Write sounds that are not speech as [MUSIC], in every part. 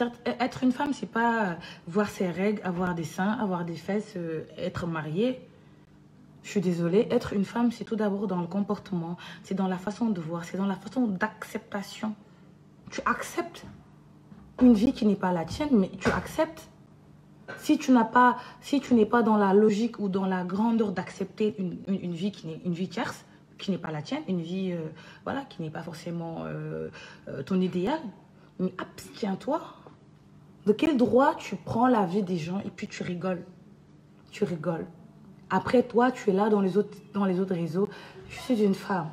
Certes, e-, être une femme, c'est pas euh, voir ses règles, avoir des seins, avoir des fesses, euh, être mariée. Je suis désolée, être une femme, c'est tout d'abord dans le comportement, c'est dans la façon de voir, c'est dans la façon d'acceptation. Tu acceptes une vie qui n'est pas la tienne, mais tu acceptes. Si tu n'as pas, si tu n'es pas dans la logique ou dans la grandeur d'accepter une, une, une, vie qui n'est une vie tierce, qui n'est pas la tienne, une vie euh, voilà, qui n'est pas forcément euh, euh ton idéal, mais abstiens-toi De quel droit tu prends la vie des gens et puis tu rigoles Tu rigoles. Après toi, tu es là dans les autres, dans les autres réseaux. Je suis une femme.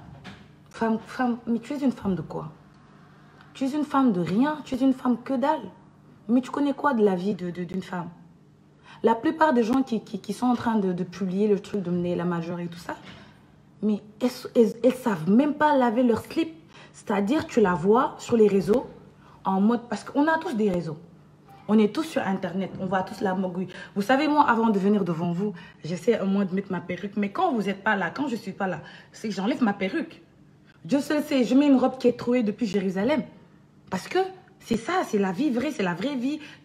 Femme, femme. Mais tu es une femme de quoi Tu es une femme de rien. Tu es une femme que dalle. Mais tu connais quoi de la vie d'une de, de, femme La plupart des gens qui, qui, qui sont en train de, de, publier le truc de mener la majeure et tout ça, mais elles, elles, elles savent même pas laver leur slip. C'est-à-dire, tu la vois sur les réseaux en mode... Parce qu'on a tous des réseaux. On est tous sur Internet, on voit tous la magouille. Vous savez, avant de venir devant vous, j'essaie au moins de mettre ma perruque. Mais quand vous n'êtes pas là, quand je suis pas là, que j'enlève ma perruque. Dieu seul sait, je mets une qui est trouée depuis Jérusalem. Parce que c'est la vie vraie,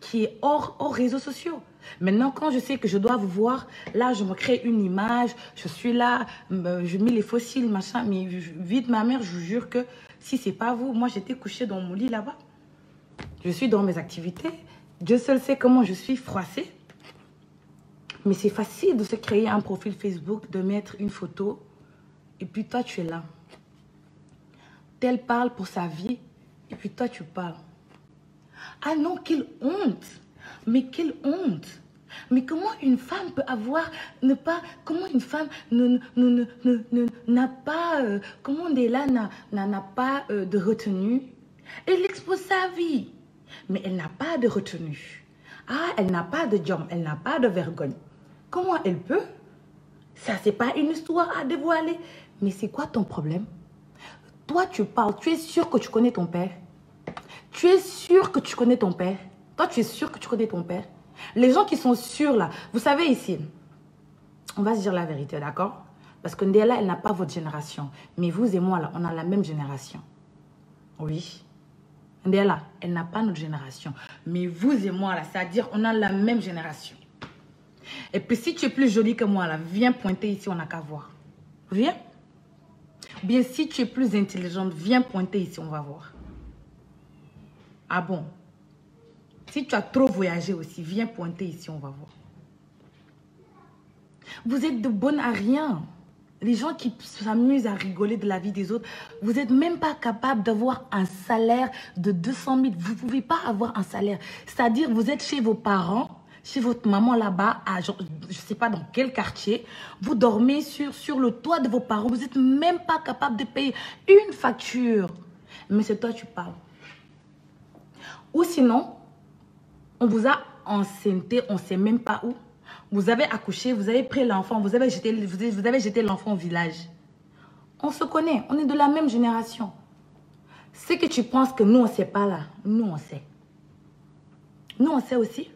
qui est hors, réseaux sociaux. Maintenant, quand je sais que je dois vous voir, là, je me crée une image, je suis là, euh, mais vite, ma mère, je jure que si c'est pas vous, j'étais couchée Dieu seul sait comment je suis froissée. Mais c'est facile de se créer un profil Facebook, de mettre une photo, et puis toi, tu es là. Tel parle pour sa vie, et puis toi, tu parles. Ah non, quelle honte Mais quelle honte Mais comment une femme peut avoir, ne pas, comment une femme n'a pas, euh, comment on là, n'a pas euh, de retenue Elle expose sa vie mais elle n'a pas de retenue. Ah, elle n'a pas de jom, elle n'a pas de vergogne. Comment elle peut? Ça, c'est pas une histoire à dévoiler. Mais c'est quoi ton problème? Toi, tu parles, tu es sûr que tu connais ton père. Tu es sûr que tu connais ton père. Toi, tu es sûr que tu connais ton père. Les gens qui sont sûrs là, vous savez ici, on va se dire la vérité, d'accord? Parce que Ndella, elle n'a pas votre génération. Mais vous et moi là, on a la même génération. Oui. Ndella, elle n'a pas notre génération. Mais vous et moi, là, c'est-à-dire on a la même génération. Et puis si tu es plus jolie que moi, là, viens pointer ici, on n'a qu'à voir. Viens. Bien, si tu es plus intelligente, viens pointer ici, on va voir. Ah bon? Si tu as trop voyagé aussi, viens pointer ici, on va voir. Vous êtes de bonne à rien. Les gens qui s'amusent à rigoler de la vie des autres, vous n'êtes même pas capable d'avoir un salaire de 200 000. Vous ne pouvez pas avoir un salaire. C'est-à-dire, vous êtes chez vos parents, chez votre maman là-bas, à je ne sais pas dans quel quartier. Vous dormez sur, sur le toit de vos parents. Vous n'êtes même pas capable de payer une facture. Mais c'est toi, tu parles. Ou sinon, on vous a enceinté, on ne sait même pas où. Vous avez accouché, vous avez pris l'enfant, vous avez jeté, vous avez jeté l'enfant au village. On se connaît, on est de la même génération. Ce que tu penses que nous, on ne sait pas là, nous, on sait. Nous, on sait aussi.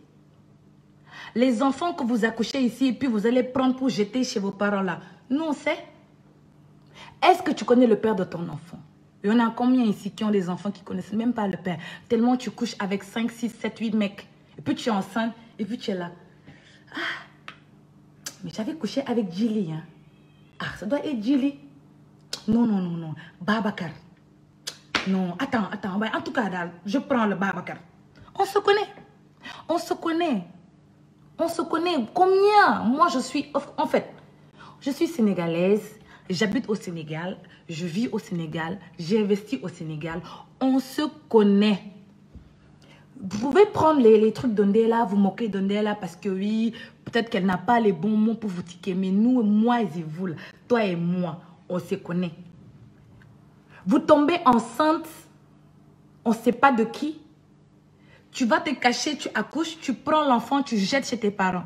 Les enfants que vous accouchez ici, et puis vous allez prendre pour jeter chez vos parents là, nous, on sait. Est-ce que tu connais le père de ton enfant Il y en a combien ici qui ont des enfants qui ne connaissent même pas le père Tellement tu couches avec 5, 6, 7, 8 mecs. Et puis tu es enceinte, et puis Mais j'avais couché avec Djili, hein. Ah, ça doit être Djili. Non, non, non, non. Babacar. Non, attends, attends. En tout cas, daal, je prends le Babacar. On se connaît. On se connaît. On se connaît. Combien? Moi, je suis... En fait, je suis sénégalaise. J'habite au Sénégal. Je vis au Sénégal. J'investis au Sénégal. On se connaît. Vous pouvez prendre les, trucs d'Ondela, vous moquer d'Ondela parce que oui, peut-être qu'elle n'a pas les bons mots pour vous tiquer. Mais nous, moi et vous, là, toi et moi, on se connaît. Vous tombez enceinte, on sait pas de qui. Tu vas te cacher, tu accouches, tu prends l'enfant, tu jettes chez tes parents.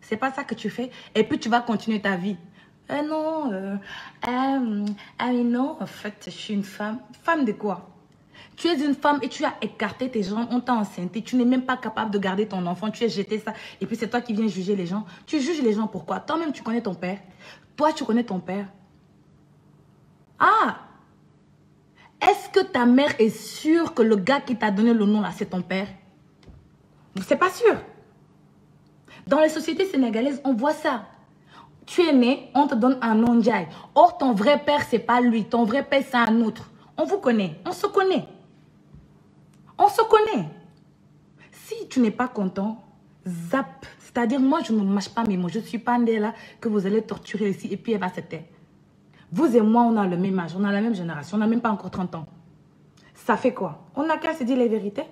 C'est pas ça que tu fais. Et puis tu vas continuer ta vie. Euh, non, euh, euh, um, non, en fait, je suis une femme. Femme de quoi Tu es une femme et tu as écarté tes jambes, on t'a enceinte, tu n'es même pas capable de garder ton enfant, tu es jeté ça. Et puis c'est toi qui viens juger les gens. Tu juges les gens pourquoi Toi-même, tu connais ton père. Toi, tu connais ton père. Ah Est-ce que ta mère est sûre que le gars qui t'a donné le nom là, c'est ton père C'est pas sûr. Dans les sociétés sénégalaises, on voit ça tu es né, on te donne un nom Ndiaye. Or, ton vrai père, c'est pas lui. Ton vrai père, c'est un autre. On vous connaît, on se connaît. On se connaît. Si tu n'es pas content, zap. C'est-à-dire, moi, je ne mâche pas mes mots. Je ne suis pas née là que vous allez torturer ici et puis elle va se taire. Vous et moi, on a le même âge, on a la même génération, on n'a même pas encore 30 ans. Ça fait quoi On n'a qu'à se dire les vérités.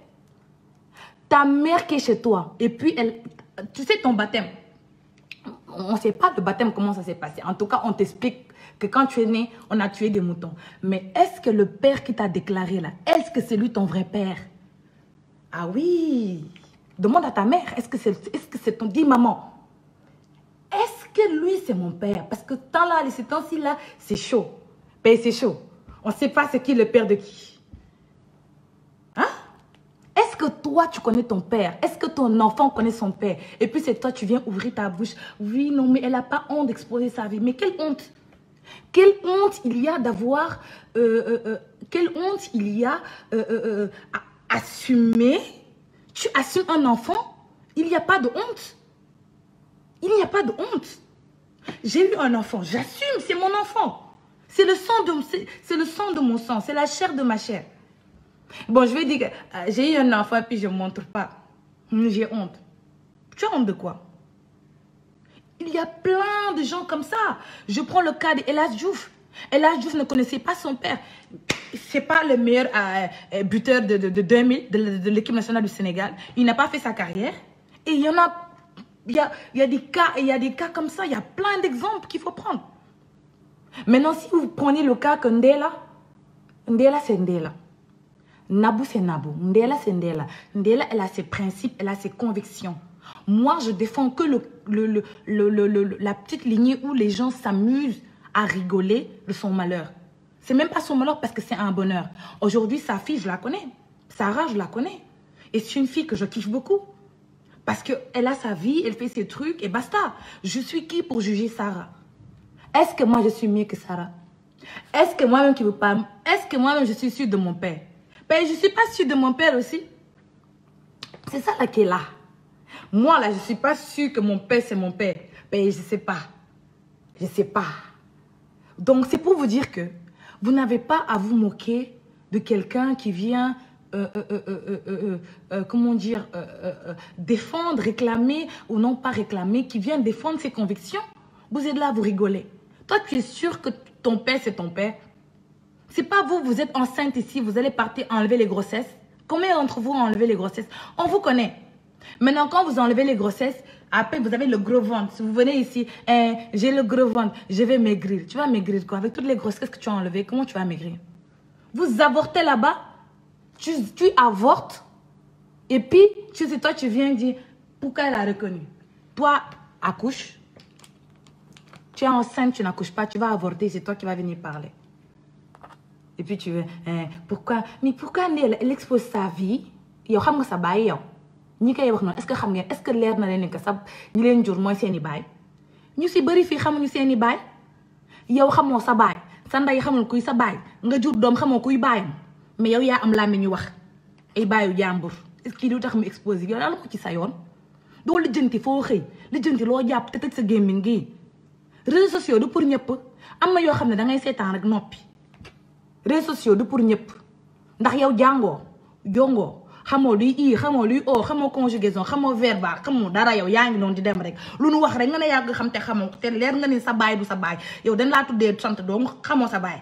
Ta mère qui est chez toi, et puis elle, tu sais ton baptême. On ne sait pas le baptême, comment ça s'est passé. En tout cas, on t'explique que quand tu es né, on a tué des moutons. Mais est-ce que le père qui t'a déclaré là, est-ce que c'est lui ton vrai père Ah oui Demande à ta mère, est-ce que c'est ton dit maman Est-ce que lui c'est mon père Parce que tant là, ces temps là, c'est chaud. Ben c'est chaud. On sait pas c'est qui le père de qui. Est-ce que toi tu connais ton père Est-ce que ton enfant connaît son père Et puis c'est toi tu viens ouvrir ta bouche. Oui, non mais elle a pas honte d'exposer sa vie. Mais quelle honte quelle honte il y a d'avoir euh, euh, euh honte il y a euh, assumer. Tu assumes un enfant, il n'y a pas de honte. Il n'y a pas de honte. J'ai eu un enfant, j'assume, c'est mon enfant. C'est le, sang de, c est, c est le sang de mon sang, c'est la chair de ma chair. Bon, je vais dire que euh, j'ai eu un enfant puis je ne montre pas. J'ai honte. Tu as honte de quoi Il y a plein de gens comme ça. Je prends le cas d'Elas Diouf. El Hadj Diouf ne connaissait pas son père c'est pas le meilleur euh, euh buteur de de de de de, de l'équipe nationale du Sénégal il n'a pas fait sa carrière et il y a il y a il a des cas il y a des cas comme ça il y a plein d'exemples qu'il faut prendre maintenant si vous prenez le cas que Ndéla Ndéla c'est Ndéla Nabou c'est Nabou Ndéla c'est Ndéla Ndéla elle a ses principes elle a ses convictions moi je défends que la petite lignée où les gens s'amusent à rigoler de son malheur. C'est que c'est un bonheur. Aujourd'hui, sa fille, je la connais. Sarah, je la connais. Et c'est une fille que je kiffe beaucoup. Parce qu'elle a sa vie, elle fait ses trucs et basta. Je suis qui pour juger Sarah Est-ce que moi, je suis mieux que Sarah Est-ce que moi-même qui veux pas... Est-ce que moi-même, je suis sûre de mon père Ben, je suis pas sûre de mon père aussi. que Je sais pas. Donc c'est pour vous dire que vous n'avez pas à vous moquer de quelqu'un qui vient, euh, euh, euh, comment dire, défendre, réclamer ou non pas réclamer, qui vient défendre ses convictions. Vous êtes là, vous rigolez. Toi, tu es sûr que ton père, c'est ton père. C'est pas vous, vous êtes enceinte ici, vous allez partir enlever les grossesses. Combien d'entre vous ont enlevé les grossesses On vous connaît. Maintenant, quand vous enlevez les grossesses, Après, vous avez le gros ventre. Si vous venez ici, eh, j'ai le gros ventre, je vais maigrir. Tu vas maigrir quoi Avec toutes les grosses que tu as enlevées, comment tu vas maigrir Vous avortez là-bas, tu, avortes, et puis, tu sais, viens dire, pourquoi elle a reconnu Toi, accouche. Tu es enceinte, tu n'accouches pas, tu vas avorter, c'est toi qui vas venir parler. Et puis, tu veux, eh, pourquoi Mais pourquoi elle, expose sa vie Il y a ça ñi koy wax noonu est-ce que xam ngeen est-ce que leer na leen ni que leen jur mooy seeni i baay ñu si bëri fii xamuñu seen i baay yow xamoo sa baay sa ndey xamul kuy sa baay nga jur doom xamoo kuy bàyyi mais yow yaa am làmmiñ ñu wax ay baayu jàmbur kii du tax mu exposé yow daal ko ci sa yoon. doo lijjanti foo xëy lijjanti loo jàpp te tëj sa gémmiñ gi réseaux sociaux du pour ñëpp am na yoo xam ne da ngay seetaan rek noppi réseaux sociaux du pour ñëpp ndax yow jàngoo jongoo xamoo luy i xamoo luy o xamoo conjugaison xamoo verbe xamoo dara yow yaa ngi noonu di dem rek lu nu wax rek nga ne yàgg xam te xamoo te leer nga ni sa baay du sa baay yow dañ laa tuddee sant dong xamoo sa baay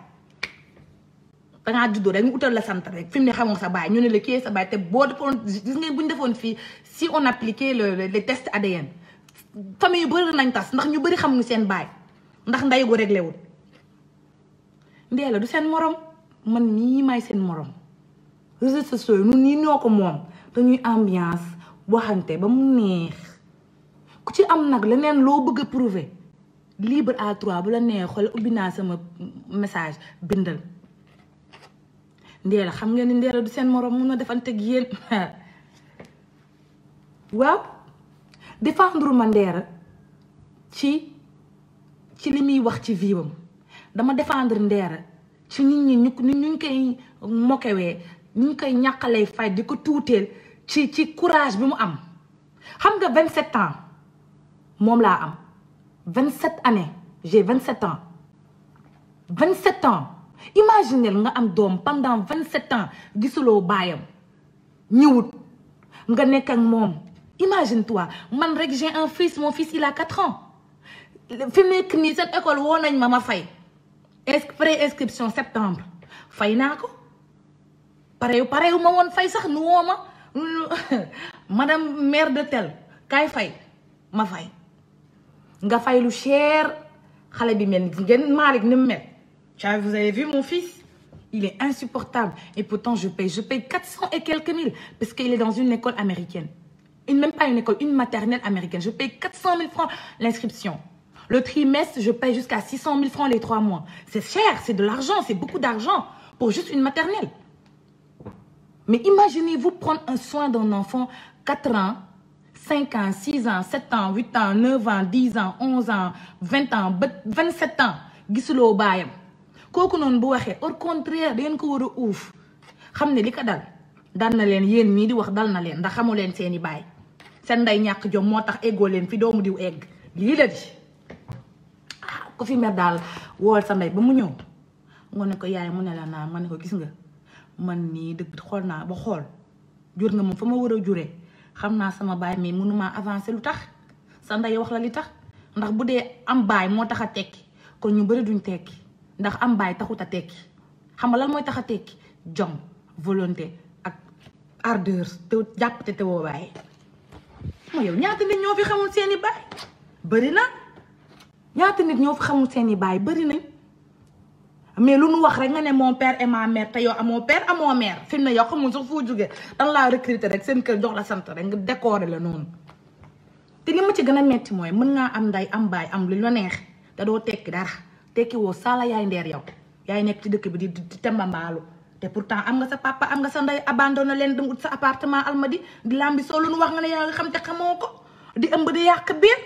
dangaa juddoo rek ñu utal la sant rek fi mu ne xamoo sa baay ñu ne la kii sa baay te boo defoon gis ngeen bu ñu defoon fii si on appliquait le les tests ADN famille yu bëri nañ tas ndax ñu bari bëri xamuñu seen baay ndax nday gu réglé wul ndee la du seen moroom man nii may seen moroom réseaux sociaux nun ñi ñoo ko moom dañuy ambiance waxante ba mu neex ku ci am nag leneen loo bëgg a prouver libre à trois bu la neex xool ubbi naa sama message bindal ndeela xam nga ni ndeela du seen morom mun na defanteeg yéen [LAUGHS] waaw défendre ma ndeera ci ci li muy wax ci viibam dama défendre ndeera ci nit ñi ñu ñu koy mokewee ñu ngi koy ñàkkalee fay di ko tuuteel ci ci courage bi mu am xam nga 27 ans moom laa am 27 années j'ai 27 ans 27 ans imaginel nga am doom pendant 27 ans gisuloo baayam ñëwut nga nekk ak moom imagine toi man rek j'ai un fils mon fils il quatre 4 ans fi mu nekk nii cette école woo nañ ma ma fay. pré-inscription septembre fay naa ko. parew parew ma woon fay sax nu woo ma [LAUGHS] madame maire de tel kaay fay ma fay nga fay lu cher xale bi mel ngeen Malick ni mu mel ca vous avez vu mon fils il est insupportable et pourtant je paye je paye quatre cent et quelques mille parce qu'il est dans une école américaine une même pas une école une maternelle américaine je paye francs l'inscription le trimestre je paye jusqu'à six cent mille trois mois c'est cher c'est de l'argent c'est beaucoup d'argent pour juste une maternelle Mais imaginez-vous prendre un soin d'un enfant 4 ans, 5 ans, 6 ans, 7 ans, 8 ans, 9 ans, 10 ans, 11 ans, 20 ans, 27 ans. gisuloo baayam kooku noonu bu waxee au contraire dangeen ko war a uuf xam ne li ko dal dal na leen yéen mii di wax dal na leen ndax xamu leen seen baay seen nday ñàkk jom moo tax eggoo leen fi doomu diw egg lii la di ah ku fi mer daal wool sa ndey ba mu ñëw nga ne ko yaay mu ne la naa ma ne ko gis nga man nii dëgg xool naa ba xool jur nga moom fa ma war a juree xam naa sama baay mais mënumaa avancé lu tax sa ndey wax la li tax ndax bu dee am baay moo tax a tekki kon ñu bëri duñ tekki ndax am baay taxut a tekki xam nga lan mooy tax a tekki jom volonté ak ardeur te jàpp te woo baay moo yow ñaata nit ñoo fi xamul seeni baay bari na ñaata nit ñoo fi xamul seeni baay bëri nañ mais lu nu wax rek nga ne mon père et ma mère te yow amoo père amoo mère fi mu ne yow xamul sax foo jógee dan laa recruter rek seen kër jox la sant rek nga décorer la noonu te li ma ci gën a metti mooy mën ngaa am nday am baay am lu la neex te doo tekki dara tekki woo saala yaay ndeer yow yaay nekk ci dëkk bi di di tembambaalu te pourtant am nga sa papa am nga sa nday abandonné leen dem ut sa appartement almadi di lambi soo lu nu wax nga ne yaa nga xam te xamoo ko di ëmb di yàq biir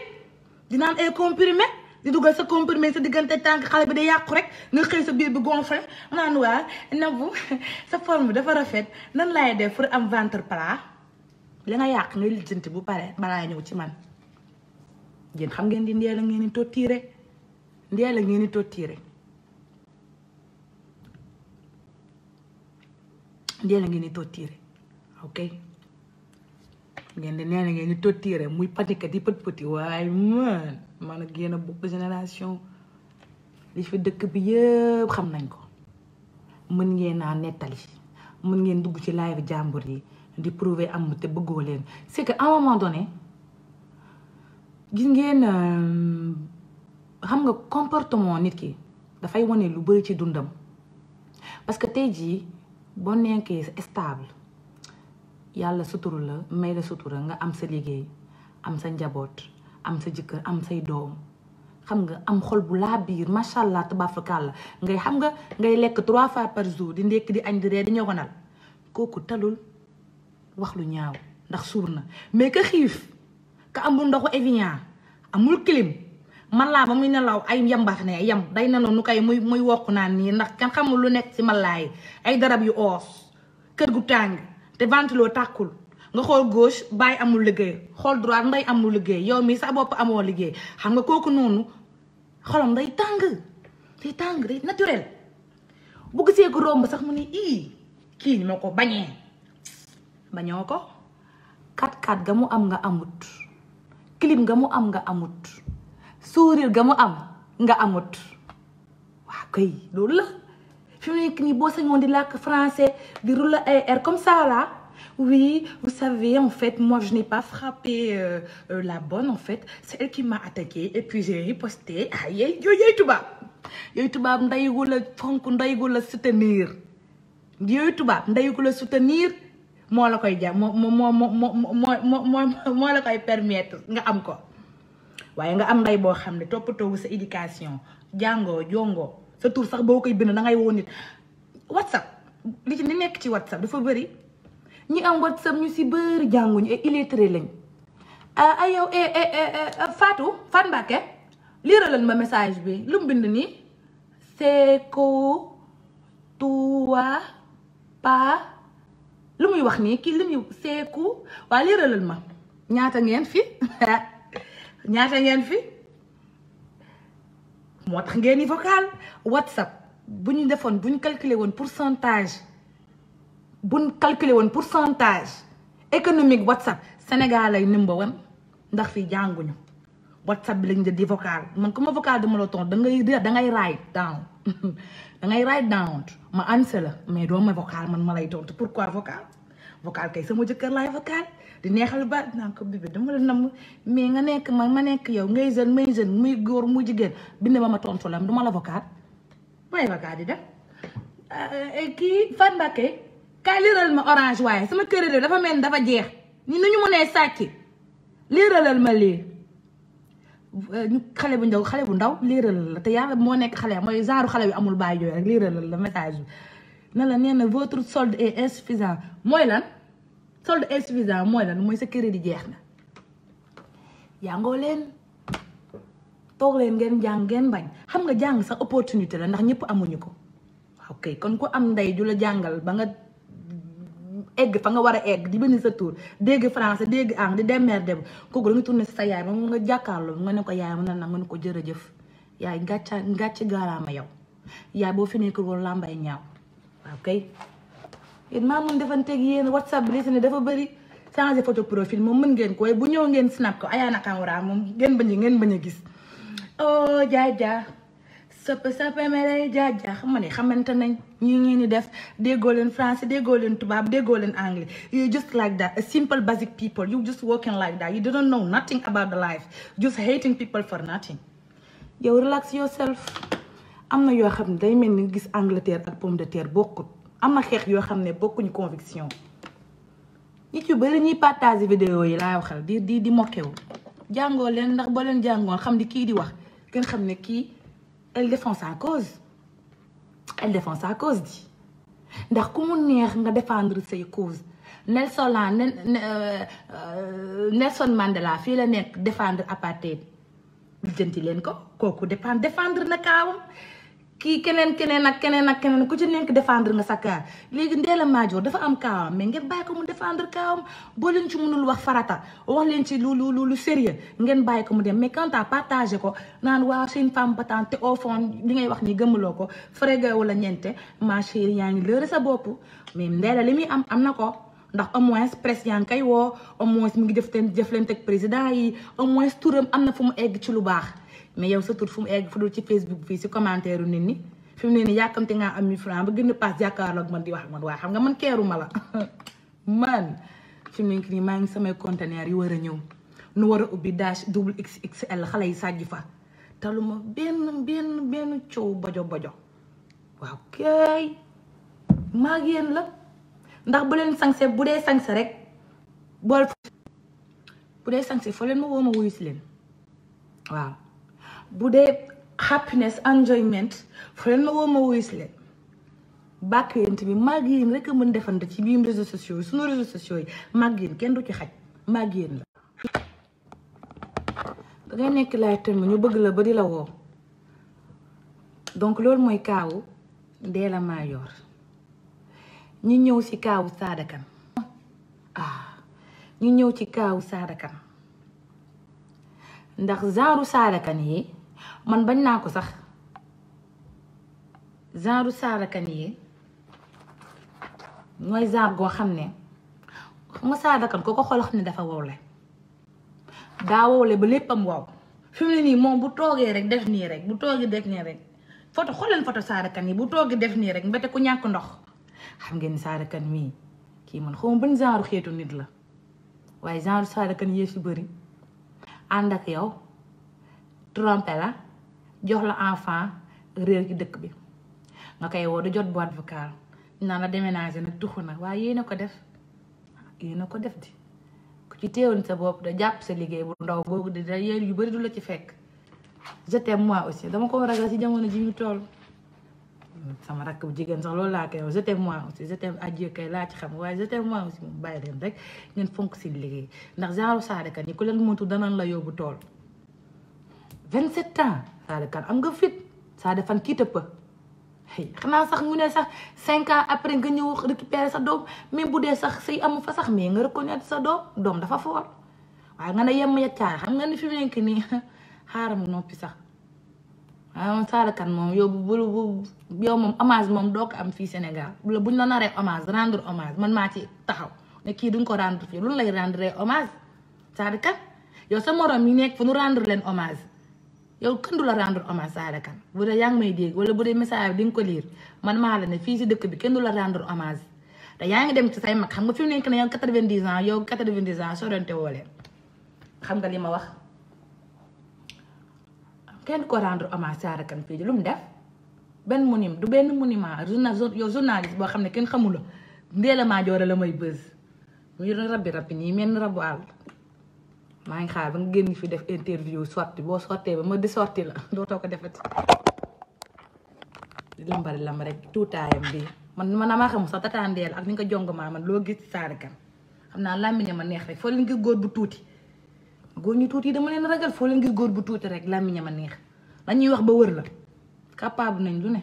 di naan ay comprimé di dugal sa comprimé sa diggante tànk xale bi day yàqu rek nga xëy sa biir bi gonflé naan waa Nabou sa forme bi dafa rafet nan lay def pour am ventre plat li nga yàq ngay lijjanti bu pare balaa ñëw ci man yéen xam ngeen di ndeel a ngeen di tottiré ndeel a ngeen di tottiré ndeel a ngeen di tottiré ok ngeen di nee ngeen di tottire muy patikat yi pët pëti waaye man man ak yéen a bokk génération li fi dëkk bi yëpp xam nañ ko mën ngeen a nettali mën ngeen dugg ci live jàmbur yi di prouver am te bëggoo leen c'est que à moment donné gis ngeen euh, xam nga comportement nit ki dafay wane lu bëri ci dundam parce que tey jii boo nekkee stable yàlla sutura la may la sutura nga am sa liggéey am sa njaboot am sa jëkkër am say doom xam nga am xol bu laa biir macha allah tabaarakalla ngay xam nga ngay lekk trois fois par jour di ndekki di añ di reer di ñogonal kooku talul wax lu ñaaw ndax suur na mais ka xiif ka amul ndoxu Evian amul clim man laa ba muy nelaw ay yambax ne yam day nelaw nu kay muy muy wokk naan nii ndax kenn xamul lu nekk ci malaay ay darab yu oos kër gu tàng te ventilo tàkkul nga xool gauche baay amul liggéey xool droite nday amul liggéey yow mii sax bopp amoo liggéey xam nga kooku noonu xolam day tàng day tàng day naturel bu gisee ko romb sax mu ni ii kii ni ma ko bañee bañoo ko kat-kat ga mu am nga amut clim ga mu am nga amut sourire ga mu am nga amut waa kay loolu la fi mu nekk nii boo sañoon di làkk français di roule ay air comme ça là oui vous savez en fait moi je n'ai pas frappé la bonne en fait c'est elle qui m'a attaqué et puis j'ai riposté tubaab yooyu tubaab ndaygu la fonk ndaygu la soutenir yooyu tubaab ndaygu la soutenir moo la koy jàpp moo moo moo moo moo moo la koy permettre nga am ko waaye nga am nday boo xam ne toppatoowu sa éducation jàngoo jongoo sa tur sax boo koy bind da ngay woo nit whatsapp li ci li nekk ci whatsapp dafa bëri ñi am whatsapp ñu si bëri jànguñu et illettré lañ ah, ah yow eh, eh, eh, ah, Fatou Fatou Mbacké ma message bi lu mu bind nii seeko tuwa pa lu muy wax nii kii li muy seeku waa liiralal ma ñaata ngeen fi [LAUGHS] ñaata ngeen fi moo tax ngeen di vocal whatsapp bu ñu defoon bu ñu calculer woon pourcentage bu ñu calculer woon pourcentage économique whatsapp Sénégal lay number wan ndax fii jànguñu whatsapp bi njër di vocal man ku ma vocal dama la tontu da ngay da ngay write down [LAUGHS] da ngay write down ma answer la mais doo ma vocal man ma lay tontu pourquoi vocal vocal kay sama jëkkër laay vocal. di neexal baat naa ko bébé dama la nam mais nga nekk ma ma nekk yow ngay jeune may muy góor muy jigéen bind ma ma tontu lam du la vocal waaye vocal di def euh, kii Fan Mbakke ma orange sama kër dafa mel ni dafa jeex ñu nu ñu mënee sàcc liiralal ma lii euh, xale bu ndaw xale bu ndaw liiralal la te yàlla moo nekk xale mooy genre xale bi amul bàyyi yooyu rek liiralal la message bi na la nee na votre solde est insuffisant mooy lan. solde insuffisant mooy lan mooy sa crédit jeex na jàngoo leen toog leen ngeen jàng ngeen bañ xam nga jàng sa opportunité la ndax ñëpp amuñu ko waaw kay kon ku am ndey ju la jàngal ba nga egg fa nga war a egg di bind sa tur dégg français dégg ang di démerde bu kooku da nga tourné sa yaay moom nga jàkkaarloo nga ne ko yaay mu ne nag nga ne ko jëf yaay gàcc gàcc gaaraama yow yaay boo fi nekkul woon làmbay ñaaw waaw kay yéen maa mun defanteeg yéen whatsapp bi li ne dafa bëri changer photo profit moom mën ngeen ko bu ñëw ngeen snap ko Ayana Kamara moom ngeen bañ ngeen bañ a gis. oh jaaja sape sape melay jaaja xam nga ne xamante nañ ñi ngeen di def déggoo leen français déggoo leen tubaab déggoo leen anglais you just like that a simple basic people you just working like that you don't know nothing about the life just hating people for nothing. yow relax yourself am na yoo xam ne day mel ni gis Angleterre ak pomme de terre bokkut. am na xeex yoo xam ne bokkuñu conviction nit yu bari ñuy partage vidéo yi laay waxal di di di mokkewul jàngoo leen ndax baleen leen jàngoon xam ni kii di wax ngeen xam ne kii elle défend sa cause elle défend sa cause di ndax ku mu neex nga défendre say cause Nelson la euh, Nelson Mandela fii la nekk défendre apartheid lijjanti leen ko kooku dépend na kaawam kii keneen keneen ak keneen ak keneen ku ci nekk defendre nga sa kaa léegi Ndella Madior dafa am kaawam mais ngeen bàyyi ko mu défendre kaawam boo leen ci mënul wax farata wax leen ci lu lu lu sérieux ngeen bàyyi ko mu dem mais quant à ko naan waaw une femme battante au fond li ngay wax nii gëmmaloo ko frégé wala ñeente ma chérie yaa ngi lëre sa bopp mais Ndella li muy am am na ko ndax au moins presse yaa ngi koy woo au moins mu ngi jëf leen jëf leen teg président yi au moins turam am na fu mu egg ci lu baax mais yow sa tur fu mu egg fu dul ci Facebook fii si commentaire nit ñi fi mu ne nii yàkkamte ngaa am 1000 francs ba gën a paas jàkkaarloo ak man di wax man waaye xam nga man keeru ma la [LAUGHS] man fi nekk nii maa ngi samay conteneur yu war a ñëw nu war a ubbi dash double XXL xale yi sàjj fa taluma benn benn benn coow bojo bojo waaw kay maa ngi la ndax bu leen sañse bu dee sañse rek bool bu dee sañse foo leen ma woo ma wuyu si leen waaw bu dee happiness enjoyment fu leen woo ma wuyus leen bàkk yéen tamit màgg yéen a mën defante ci biir réseaux sociaux yi sunu réseaux sociaux yi màgg yéen kenn du ci xaj màgg yéen la da ñu bëgg la ba di la woo donc loolu mooy kaawu Ndella Madior ñu ñëw ci kaawu Sada Kane ah, ñëw ci kaawu Sada ndax zaaru Sada Kane yi man bañ naa ko sax genre Sara Kaniye mooy genre goo xam ne xam nga Sara kan ko ko xool xam ne dafa wowle daa wowle ba léppam wow fi mu ne nii moom bu toogee rek def nii rek bu toogee def nii rek foto xool leen photo Sara bu toogee def nii rek mbete ku ñàkk ndox xam ngeen ni Sara kii man xaw ma ban genre xeetu nit la waaye genre Sara Kane yee si bari ànd ak yow. trompé la jox la enfant réer gi dëkk bi nga koy woo du jot boîte vocale naan la déménager nag tuxu na waaye yéen a ko def yéen a ko def di ku ci teewoon sa bopp da jàpp sa liggéey bu ndaw googu di da yéen yu bari du la ci fekk je t'aime moi aussi dama ko ragal ci jamono ji ñu toll sama rakk bu sax loolu laa koy wax je t'aime moi aussi je laa ci xam waaye je t'aime moi aussi moom ngeen fonk si liggéey ndax genre saadakat ñi ku leen moytu danañ la yóbbu tool 27 ans Sada Kane am nga fit Sada tiita kii tëpp xanaa sax mu ne sax cinq ans après nga ñëw récupérer sa doom même bu dee sax say amu fa sax mais nga reconnaître sa doom doom dafa foor waaye nga ne yem ya caa xam nga ni fi mu nekk nii [LAUGHS] xaaral noppi sax waaye moom Sada moom yow bu bu yow moom hommage moom doo ko am fii Sénégal buñ la naree hommage rendre hommage man maa ci taxaw ne kii duñ ko rendre fii lu lay rendre omage Sada Kane yow sa morom yi nekk fu nu rendre leen hommage. yow kenn du la rendre hommage Saare Kane bu dee yaa may dégg wala bu dee message bi di ko liir man maa la ne fii si dëkk bi kenn du la rendre hommage te yaa ngi dem ci mag xam nga fi mu nekk ne yow 90 ans yow 90 ans sorante woo leen xam nga li ma wax kenn ko rendre hommage Saare Kane fii lu mu def benn monument du benn monument journal yow journaliste boo xam ne kenn xamula ndee la maa joore la may bës muy rabbi rabbi nii mel ni rabu maa ngi xaar ba nga génn fi def interview sorti boo sottee ba ma di sorti la doo [LAUGHS] dootoo ko defet di lambari lamb rek tuutaayam bi man man damaa xamul sax tataandeel ak ni nga ko jongomaa man loo gis saari kan xam naa làmmiñam ma neex rek foo leen gis góor bu tuuti góor ñu tuuti dama leen ragal foo leen gis góor bu tuuti rek làmmiñam ma neex dañuy wax ba wër la capable nañ lu ne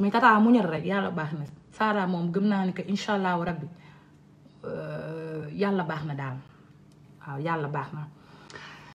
mais tata muñal rek yàlla baax na saaraa moom gëm naa ni que incha allahu rabbi euh, yàlla baax na daal. waaw yàlla baax na